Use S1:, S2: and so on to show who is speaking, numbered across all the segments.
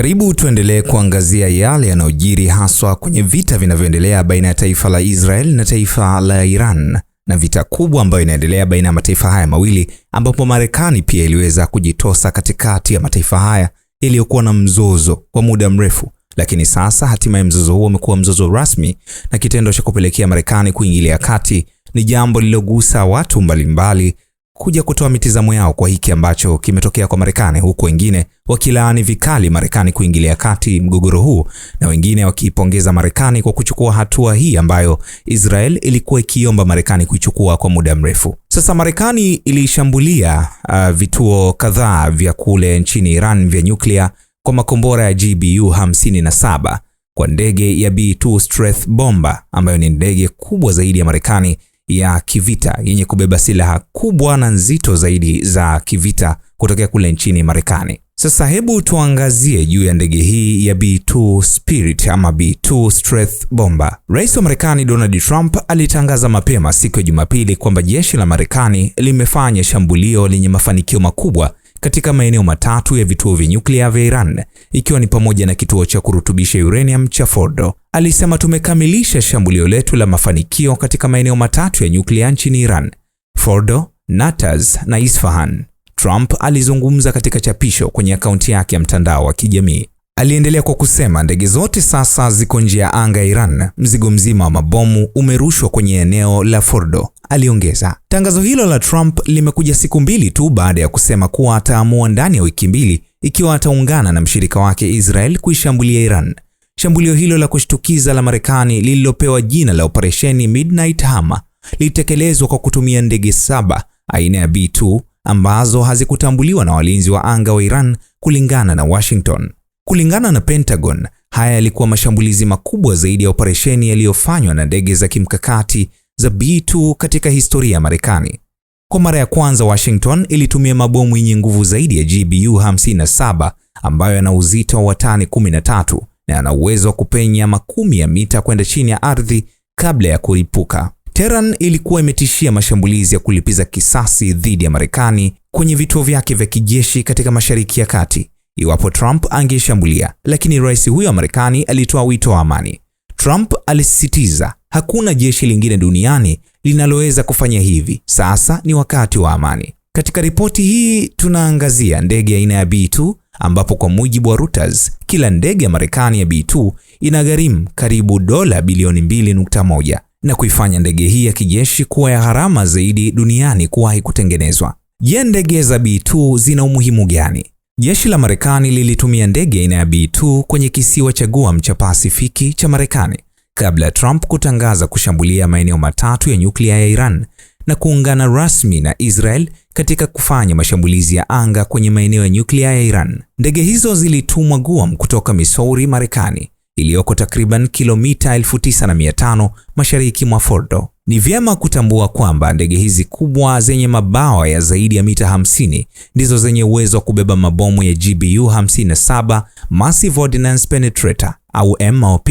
S1: Karibu tuendelee kuangazia yale yanayojiri haswa kwenye vita vinavyoendelea baina ya taifa la Israel na taifa la Iran na vita kubwa ambayo inaendelea baina ya mataifa haya mawili ambapo Marekani pia iliweza kujitosa katikati ya mataifa haya yaliyokuwa na mzozo kwa muda mrefu, lakini sasa hatimaye mzozo huo umekuwa mzozo rasmi, na kitendo cha kupelekea Marekani kuingilia kati ni jambo lililogusa watu mbalimbali mbali, kuja kutoa mitizamo yao kwa hiki ambacho kimetokea kwa Marekani, huku wengine wakilaani vikali Marekani kuingilia kati mgogoro huu na wengine wakiipongeza Marekani kwa kuchukua hatua hii ambayo Israel ilikuwa ikiomba Marekani kuichukua kwa muda mrefu. Sasa Marekani ilishambulia uh, vituo kadhaa vya kule nchini Iran vya nyuklia kwa makombora ya GBU 57 kwa ndege ya B2 Stealth Bomber ambayo ni ndege kubwa zaidi ya Marekani ya kivita yenye kubeba silaha kubwa na nzito zaidi za kivita kutokea kule nchini Marekani. Sasa hebu tuangazie juu ya ndege hii ya B2 Spirit ama B2 Stealth Bomber. Rais wa Marekani Donald Trump alitangaza mapema siku ya Jumapili kwamba jeshi la Marekani limefanya shambulio lenye mafanikio makubwa katika maeneo matatu ya vituo vya nyuklia vya Iran, ikiwa ni pamoja na kituo cha kurutubisha uranium cha Fordo, alisema tumekamilisha shambulio letu la mafanikio katika maeneo matatu ya nyuklia nchini Iran, Fordo, Natas na Isfahan. Trump alizungumza katika chapisho kwenye akaunti yake ya mtandao wa kijamii. Aliendelea kwa kusema ndege zote sasa ziko nje ya anga ya Iran. Mzigo mzima wa mabomu umerushwa kwenye eneo la Fordo, aliongeza. Tangazo hilo la Trump limekuja siku mbili tu baada ya kusema kuwa ataamua ndani ya wiki mbili ikiwa ataungana na mshirika wake Israel kuishambulia Iran. Shambulio hilo la kushtukiza la Marekani lililopewa jina la Operesheni Midnight Hammer lilitekelezwa kwa kutumia ndege saba aina ya B2 ambazo hazikutambuliwa na walinzi wa anga wa Iran kulingana na Washington. Kulingana na Pentagon, haya yalikuwa mashambulizi makubwa zaidi ya operesheni yaliyofanywa na ndege za kimkakati za B2 katika historia ya Marekani. Kwa mara ya kwanza, Washington ilitumia mabomu yenye nguvu zaidi ya GBU 57 ambayo yana uzito wa tani 13 na yana uwezo wa kupenya makumi ya mita kwenda chini ya ardhi kabla ya kuipuka Tehran ilikuwa imetishia mashambulizi ya kulipiza kisasi dhidi ya Marekani kwenye vituo vyake vya kijeshi katika Mashariki ya Kati iwapo Trump angeshambulia, lakini rais huyo wa Marekani alitoa wito wa amani. Trump alisisitiza hakuna jeshi lingine duniani linaloweza kufanya hivi, sasa ni wakati wa amani. Katika ripoti hii tunaangazia ndege aina ya B2 ambapo kwa mujibu wa Reuters kila ndege ya Marekani ya B2 inagharimu karibu dola bilioni 2.1 na kuifanya ndege hii ya kijeshi kuwa ya gharama zaidi duniani kuwahi kutengenezwa. Je, ndege za B2 zina umuhimu gani? Jeshi la Marekani lilitumia ndege aina ya B2 kwenye kisiwa cha Guam cha Pasifiki cha Marekani kabla ya Trump kutangaza kushambulia maeneo matatu ya nyuklia ya Iran na kuungana rasmi na Israel katika kufanya mashambulizi ya anga kwenye maeneo ya nyuklia ya Iran. Ndege hizo zilitumwa Guam kutoka Missouri, Marekani, iliyoko takriban kilomita 9500 mashariki mwa Fordo. Ni vyema kutambua kwamba ndege hizi kubwa zenye mabawa ya zaidi ya mita 50 ndizo zenye uwezo wa kubeba mabomu ya GBU 57 Massive Ordnance Penetrator au MOP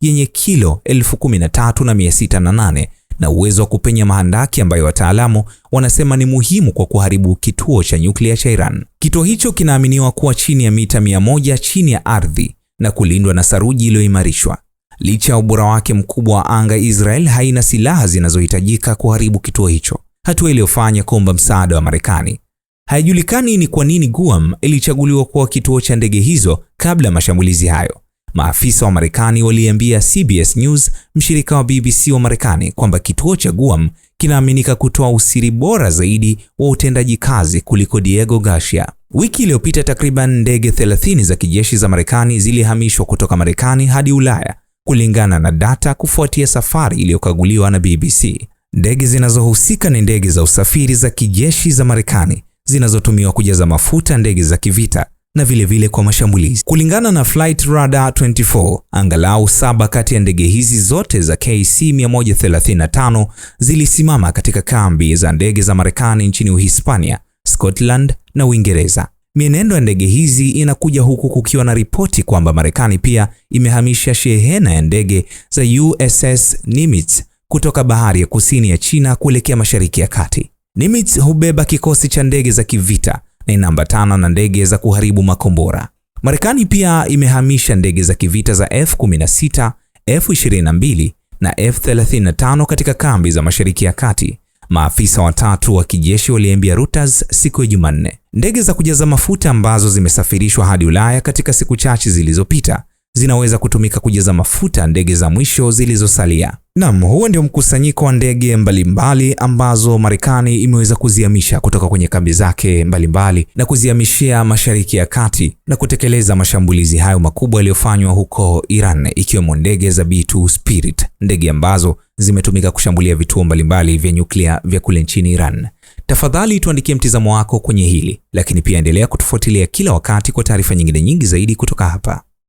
S1: yenye kilo 13608 na uwezo wa kupenya mahandaki ambayo wataalamu wanasema ni muhimu kwa kuharibu kituo cha nyuklia cha Iran. Kituo hicho kinaaminiwa kuwa chini ya mita moja chini ya ardhi na kulindwa na saruji iliyoimarishwa. Licha ya ubora wake mkubwa wa anga, Israel haina silaha zinazohitajika kuharibu kituo hicho, hatua iliyofanya kuomba msaada wa Marekani. Haijulikani ni kwa nini Guam ilichaguliwa kuwa kituo cha ndege hizo kabla ya mashambulizi hayo. Maafisa wa Marekani waliambia CBS News, mshirika wa BBC wa Marekani, kwamba kituo cha Guam kinaaminika kutoa usiri bora zaidi wa utendaji kazi kuliko Diego Garcia. Wiki iliyopita, takriban ndege 30 za kijeshi za Marekani zilihamishwa kutoka Marekani hadi Ulaya, kulingana na data kufuatia safari iliyokaguliwa na BBC. Ndege zinazohusika ni ndege za usafiri za kijeshi za Marekani zinazotumiwa kujaza mafuta ndege za kivita na vilevile vile kwa mashambulizi. Kulingana na Flight Radar 24, angalau saba kati ya ndege hizi zote za KC 135 zilisimama katika kambi za ndege za Marekani nchini Uhispania, Scotland na Uingereza. Mienendo ya ndege hizi inakuja huku kukiwa na ripoti kwamba Marekani pia imehamisha shehena ya ndege za USS Nimitz kutoka bahari ya kusini ya China kuelekea mashariki ya kati. Nimitz hubeba kikosi cha ndege za kivita ni namba tano na ndege za kuharibu makombora. Marekani pia imehamisha ndege za kivita za F-16, F-22 na F-35 katika kambi za Mashariki ya Kati. Maafisa watatu wa kijeshi waliambia Reuters siku ya Jumanne. Ndege za kujaza mafuta ambazo zimesafirishwa hadi Ulaya katika siku chache zilizopita zinaweza kutumika kujaza mafuta ndege za mwisho zilizosalia. Naam, huo ndio mkusanyiko wa ndege mbalimbali ambazo Marekani imeweza kuzihamisha kutoka kwenye kambi zake mbalimbali na kuzihamishia Mashariki ya Kati na kutekeleza mashambulizi hayo makubwa yaliyofanywa huko Iran, ikiwemo ndege za B2 Spirit, ndege ambazo zimetumika kushambulia vituo mbalimbali vya nyuklia vya kule nchini Iran. Tafadhali tuandikie mtizamo wako kwenye hili, lakini pia endelea kutufuatilia kila wakati kwa taarifa nyingine nyingi zaidi kutoka hapa.